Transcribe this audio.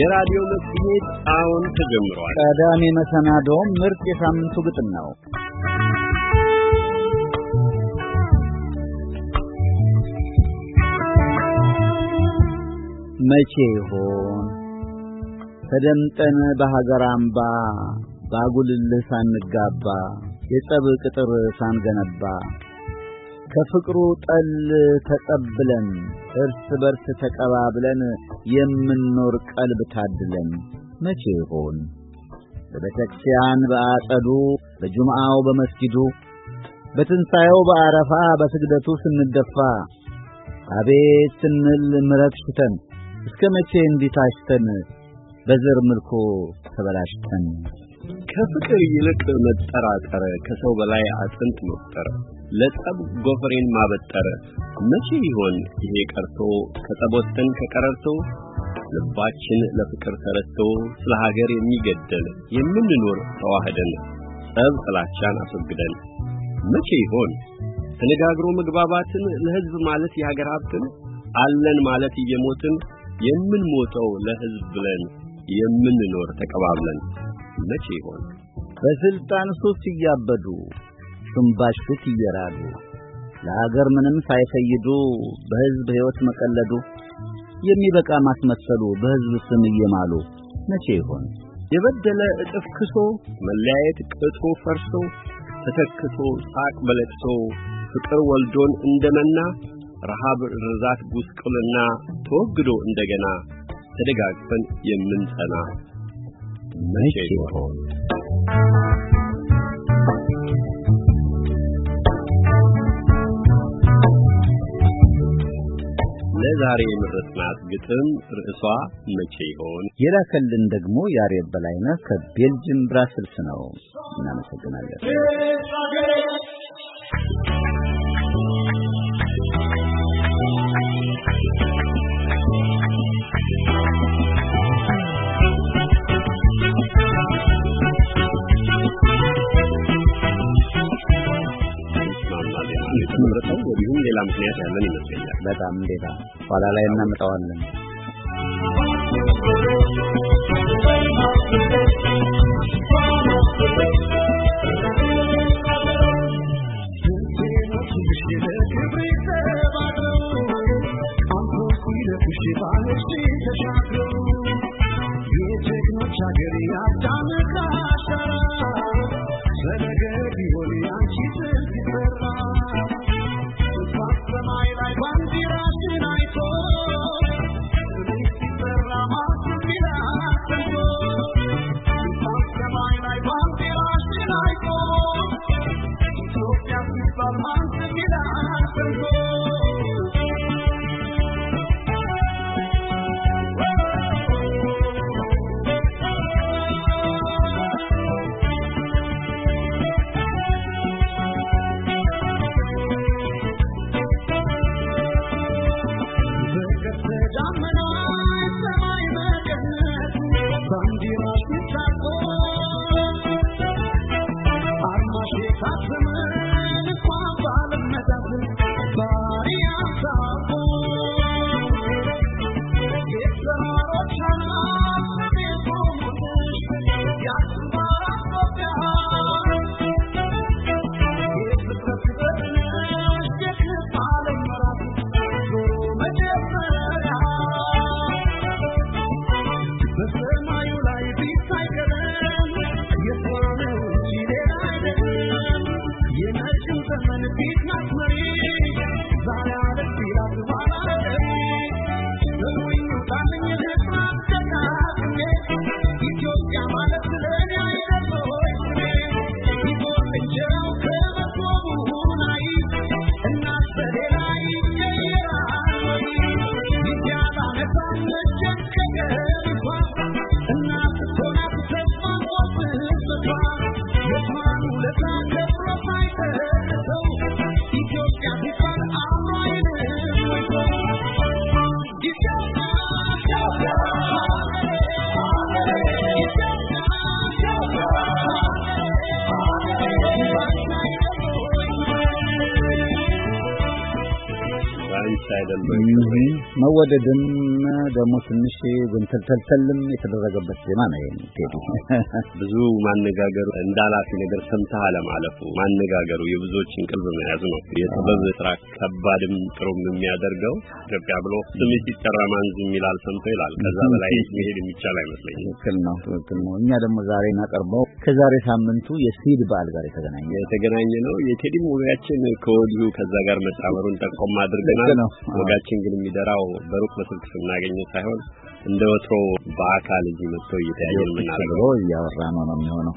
የራዲዮ መጽሔት አሁን ተጀምሯል። ቀዳሚ መሰናዶ ምርጥ የሳምንቱ ግጥም ነው። መቼ ይሆን ተደምጠን በሀገር አምባ ባጉልልህ ሳንጋባ የጸብ ቅጥር ሳንገነባ ከፍቅሩ ጠል ተቀብለን እርስ በርስ ተቀባብለን የምንኖር ቀልብ ታድለን መቼ ይሆን? በቤተ ክርስቲያን በአጸዱ በጁምዓው በመስጊዱ በትንሣኤው በአረፋ በስግደቱ ስንደፋ አቤት ስንል ምረት ሽተን እስከ መቼ እንዲታሽተን በዘር ምልኮ ተበላሽተን ከፍቅር ይልቅ መጠራጠር ከሰው በላይ አጥንት መቁጠር ለጠብ ጎፈሬን ማበጠረ መቼ ይሆን ይሄ ቀርቶ ከጠቦትን ከቀረርቶ ልባችን ለፍቅር ተረቶ ስለ ሀገር የሚገደል የምንኖር ተዋህደን ጠብ ጥላቻን አስወግደን መቼ ይሆን ተነጋግሮ መግባባትን ለህዝብ ማለት የሀገር ሀብትን አለን ማለት እየሞትን የምንሞተው ለህዝብ ብለን የምንኖር ተቀባብለን መቼ ይሆን በስልጣን ሶስት እያበዱ ሽምባሽት ይየራሉ ለሀገር ምንም ሳይፈይዱ በህዝብ ህይወት መቀለዱ የሚበቃ ማስመሰሉ በህዝብ ስም እየማሉ መቼ ይሆን የበደለ እጥፍ ክሶ መለያየት ቅጡ ፈርሶ ተተክቶ ሳቅ በለቅሶ ፍቅር ወልዶን እንደመና ረሃብ ርዛት ጉስቁልና ተወግዶ እንደገና ተደጋግፈን የምንጸና መቼ ይሆን ለዛሬ የምረጥናት ግጥም ርዕሷ መቼ ይሆን? የላከልን ደግሞ ያሬ በላይነህ ከቤልጅም ብራስልስ ነው። እናመሰግናለን። መርጠው ወዲሁ ሌላ ምክንያት ያለን ይመስለኛል። በጣም እንዴታ ኋላ ላይ እናመጣዋለን። አይደለም። መወደድም ደግሞ ትንሽ ወንተልተልተልም የተደረገበት ዜማ ነው። ቴዲ ብዙ ማነጋገሩ እንዳላፊ ነገር ሰምተህ አለማለፉ ማነጋገሩ የብዙዎች እንቅልፍ መያዝ ነው። የጥበብ ስራ ከባድም ጥሩም የሚያደርገው ኢትዮጵያ ብሎ ስም ሲጠራ ማንዝ ዝም ሰምቶ ይላል። ከዛ በላይ መሄድ የሚቻል አይመስለኝም። ትክክል ነው፣ ትክክል ነው። እኛ ደግሞ ዛሬ እናቀርበው ከዛሬ ሳምንቱ የሲድ በዓል ጋር የተገናኘ የተገናኘ ነው። የቴዲም ወጋችን ከወዲሁ ከዛ ጋር መጣመሩን ጠቆም አድርገናል። ወጋችን ግን የሚደራው በሩቅ በስልክ ስናገኘው ሳይሆን እንደ ወትሮ በአካል እዚህ መጥቶ እየተያየ ምናልባት እያወራ ነው ነው የሚሆነው።